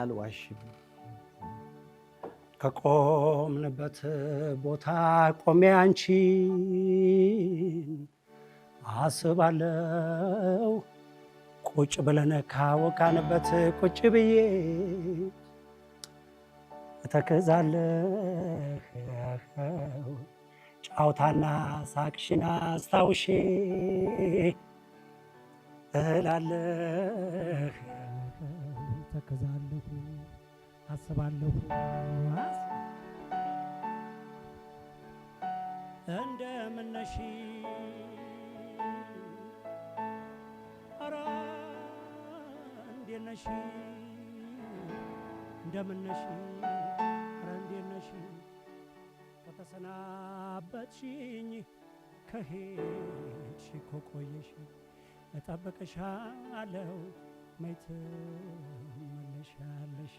አልዋሽም። ከቆምንበት ቦታ ቆሜ አንቺን አስባለው። ቁጭ ብለን ካወቃንበት ቁጭ ብዬ እተክዛለህ ጫውታና ሳቅሽና አስታውሼ እላለህ እተከዛለሁ አስባለሁ እንደምን ነሽ እንዴነሽ እንዴት ነሽ እንደምን ነሽ ኧረ እንዴት ነሽ ከተሰናበትሽኝ ከሄድሽ እጠብቅሻለሁ መይትም ትሻለሽ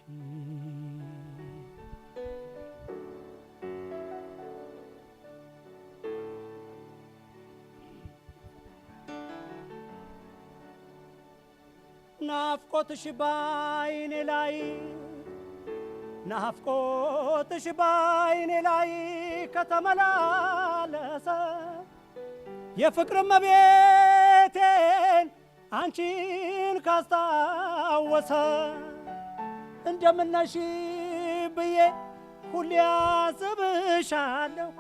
ናፍቆትሽ ባይኔ ላይ ናፍቆትሽ ባይኔ ላይ ከተመላለሰ የፍቅር መቤቴን አንቺን ካስታወሰ እንደምናሽ ብዬ ሁሌ አስብሻለሁ።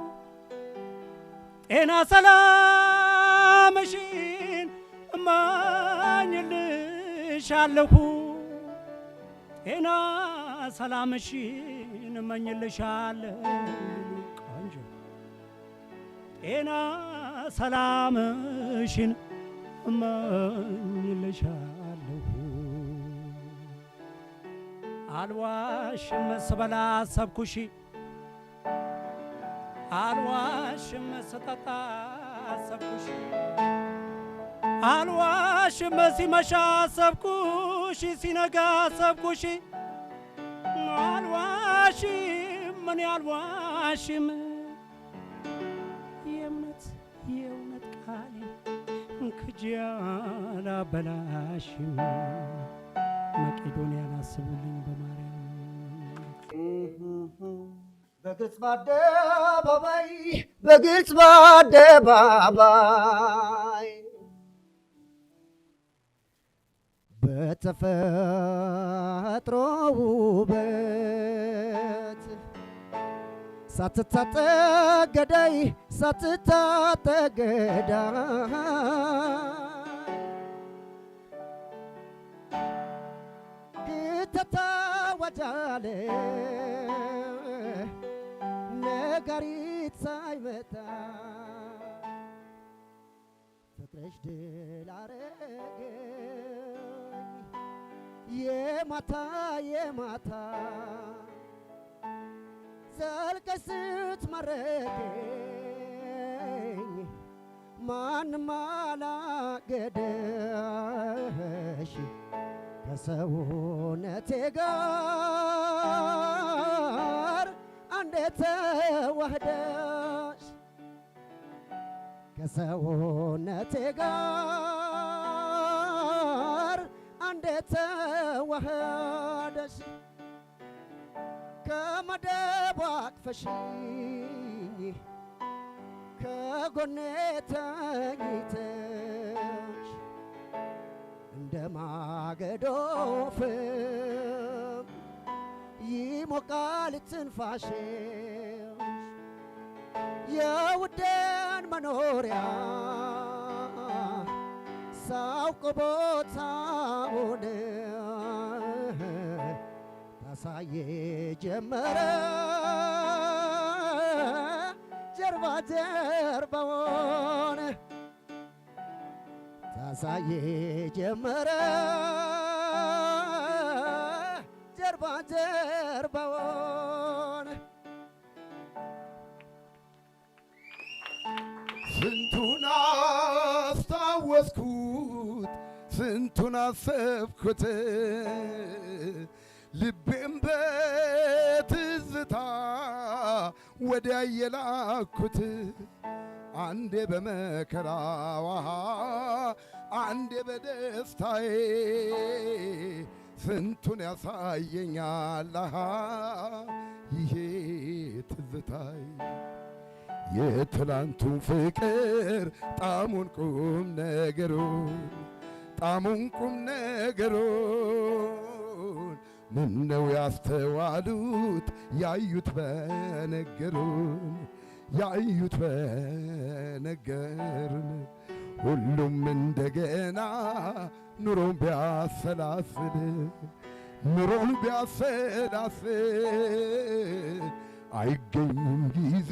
ጤና ሰላምሽን እመኝልሻለሁ። ጤና ሰላምሽን እመኝልሻለሁ። ቆንጆ ጤና ሰላምሽን እመኝልሻለሁ። አልዋሽም ስበላ ሰብኩሺ አልዋሽም ስጠጣ ሰብኩሺ አልዋሽም ሲመሻ ሰብኩሺ ሲነጋ ሰብኩሺ አልዋሽም ምን አልዋሽም የእምነት የእውነት ቃል እንክጃላ በላሽም መቄዶንያን አስቡልኝ በማ በግልጽ በአደባባይ በግልጽ በአደባባይ በተፈጥሮ ውበት ሳትታጠቅ ገዳይ ሳትታጠቅ ገዳይ መቻል ነጋሪት ሳይመታ ፍቅርሽ ድል አረገኝ የማታ የማታ ዘልቀሽ ስትማርኪኝ ማንም አላገደሽ ከሰውነቴ ጋር አንዴ ተዋህደሽ ከሰውነቴ ጋር አንዴ ተዋህደሽ ከመደቡ አቅፈሽኝ ከጎኔ ተኝተሽ ከማገዶ ፍም ይሞቃል ትንፋሽሽ የውዴን መኖሪያ ሳውቅ ቦታውን ታሳየ ጀመረ ጀርባ ጀርባውን ትንሣኤ ጀመረ ጀርባ ጀርባውን ስንቱን አስታወስኩት ስንቱን አሰብኩት ልቤም በትዝታ ወዲያ የላኩት አንዴ በመከራዋ አንዴ በደስታዬ ስንቱን ያሳየኛል ይሄ ትዝታይ የትላንቱን ፍቅር ጣሙን ቁም ነገሩን ጣሙን ቁም ነገሩን ምነው ያስተዋሉት ያዩት በነገሩን ያዩት በነገሩን ሁሉም እንደገና ኑሮን ቢያሰላስል ኑሮን ቢያሰላስል አይገኝም ጊዜ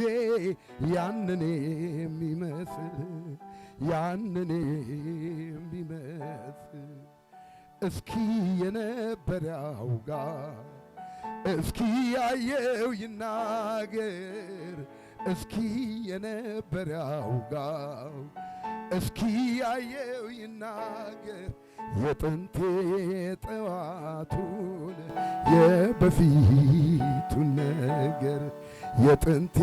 ያንን የሚመስል ያንን የሚመስል እስኪ የነበረ አውጋ እስኪ ያየው ይናገር እስኪ የነበረ አውጋ እስኪ ያየው ይናገር የጥንቴ ጠዋቱን የበፊቱን ነገር የጥንቴ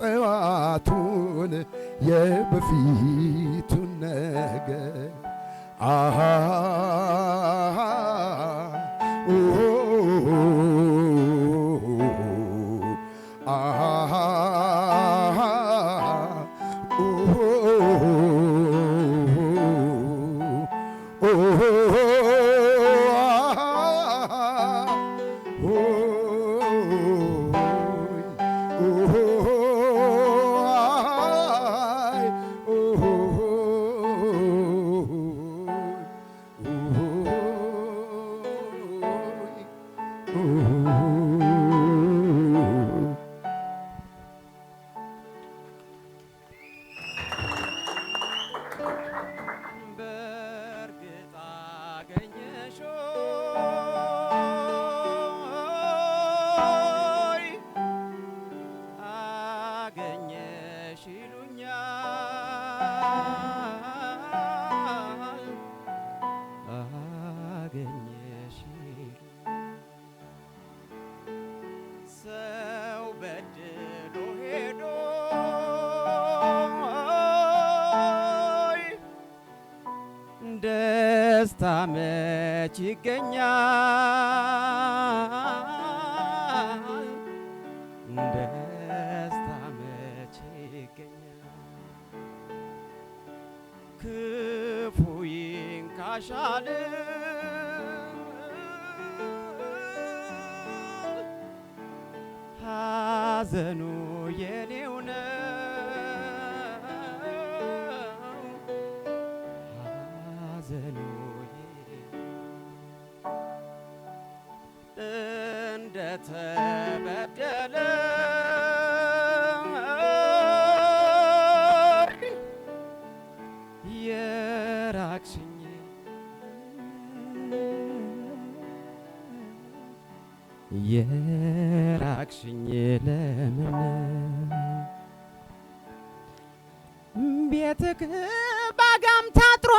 ጠዋቱን የበፊቱን ነገር አሃ Ooh. ደስታ መች ይገኛል? ደስታ መች ይገኛል? ክፉ ይንካሻል ሐዘኑ የኔ አራቅሽኝ የራቅሽኝ ለምን ቤትክ ባጋም ታጥሮ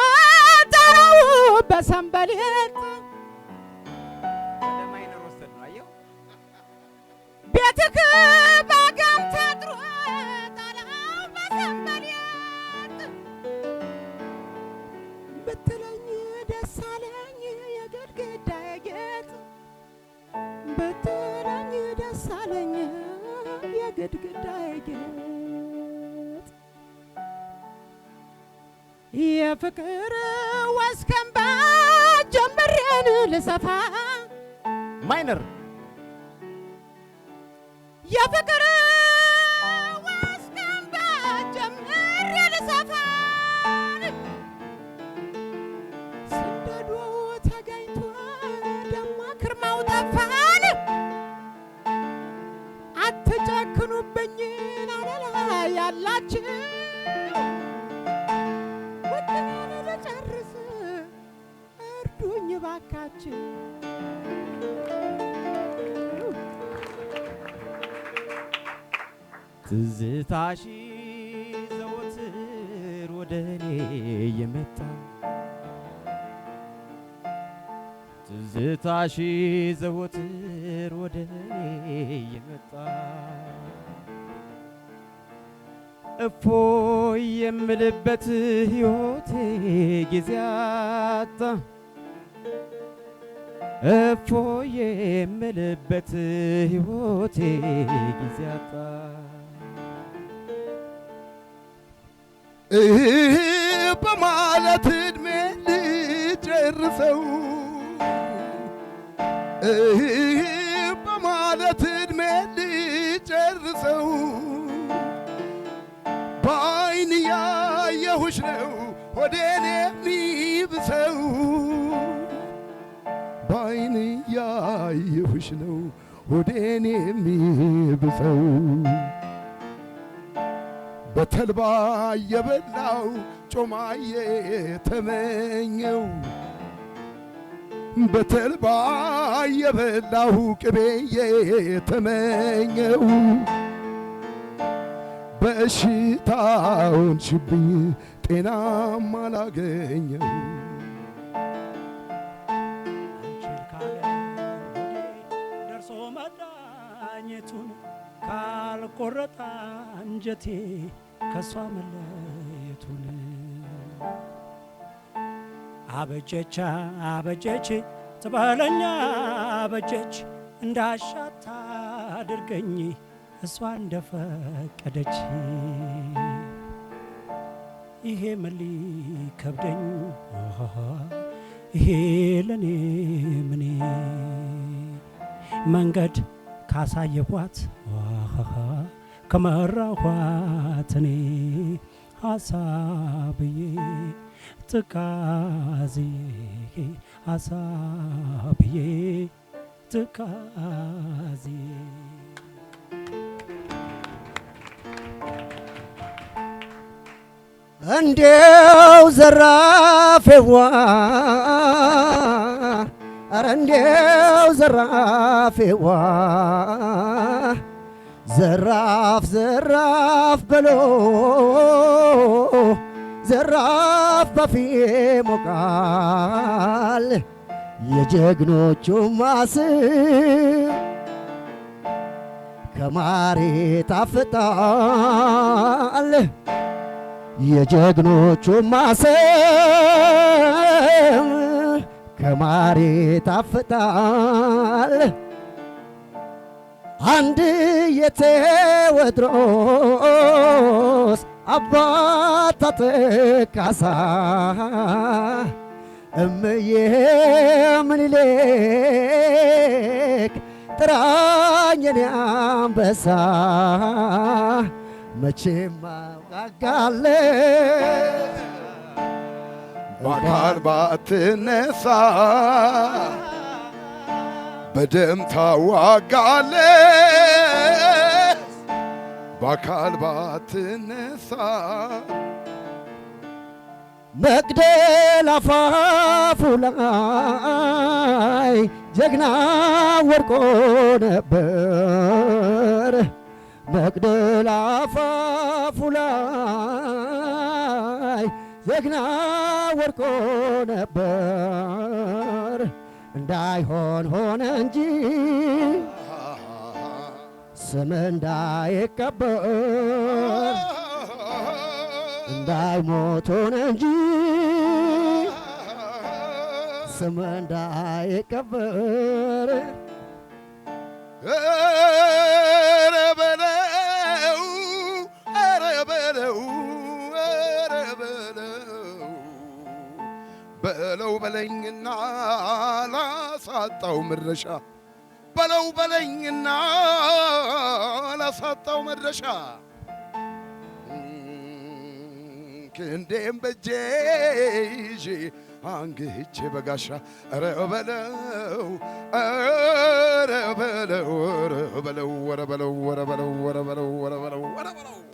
ጠረው በሰንበሌት ሰፋ ማይነር የፍቅር እባካችሁ ትዝታሽ ዘወትር ወደ እኔ የመጣ ትዝታሽ ዘወትር ወደ እኔ የመጣ እፎይ የምልበት ሕይወቴ ጊዜ አጣ እፎ የምልበት ሕይወቴ ጊዜ አጣ እህ በማለት ዕድሜ ልጨርሰው በማለት ዕድሜ ልጨርሰው በአይን ያየሁሽ ነው ሆዴን የሚብሰው ስላየሁሽ ነው ሆዴን የሚብሰው በተልባ የበላው ጮማ የተመኘው በተልባ የበላሁ ቅቤ የተመኘው በሽታውን ሽብኝ ጤናም አላገኘው ማግኘቱን ካልቆረጣ አንጀቴ ከሷ መለየቱን አበጀች አበጀች ትበለኛ አበጀች እንዳሻታ አድርገኝ እሷ እንደፈቀደች ይሄ መሊ ከብደኝ ይሄ ለኔ ምኔ መንገድ ካሳየኳት ከመራኋት እኔ ሀሳብዬ ትካዝዬ ሀሳብዬ ትካዝዬ እንዴው ዘራፌዋ አረ እንዴው ዘራፊዋ ዘራፍ ዘራፍ በሎ ዘራፍ በፊ ሞቃል የጀግኖቹ ማስ ከማሬ ታፍጣል የጀግኖቹ ማስ ከማር ይጣፍጣል አንድ የቴዎድሮስ አባታ ጥቃሳ እምዬ ምኒልክ ጥራኝን አንበሳ መቼም አውቃለሁ ማዳን ባትነሳ በደም ታዋጋለ በአካል ባትነሳ መግደል አፋፉ ላይ ጀግና ወድቆ ነበር። መግደል አፋፉ ላይ ጀግና ወድቆ ነበር እንዳይሆን ሆነ እንጂ ስም እንዳይቀበር እንዳይሞት ሆነ እንጂ ስም እንዳይቀበር በለው በለኝና ላሳጣው መድረሻ በለው በለኝና ላሳጣው መድረሻ ክንዴም በጄ ይዤ አንግቼ በጋሻ ኧረ በለው ኧረ በለው ኧረ በለው ኧረ በለው ኧረ በለው ኧረ በለው ኧረ በለው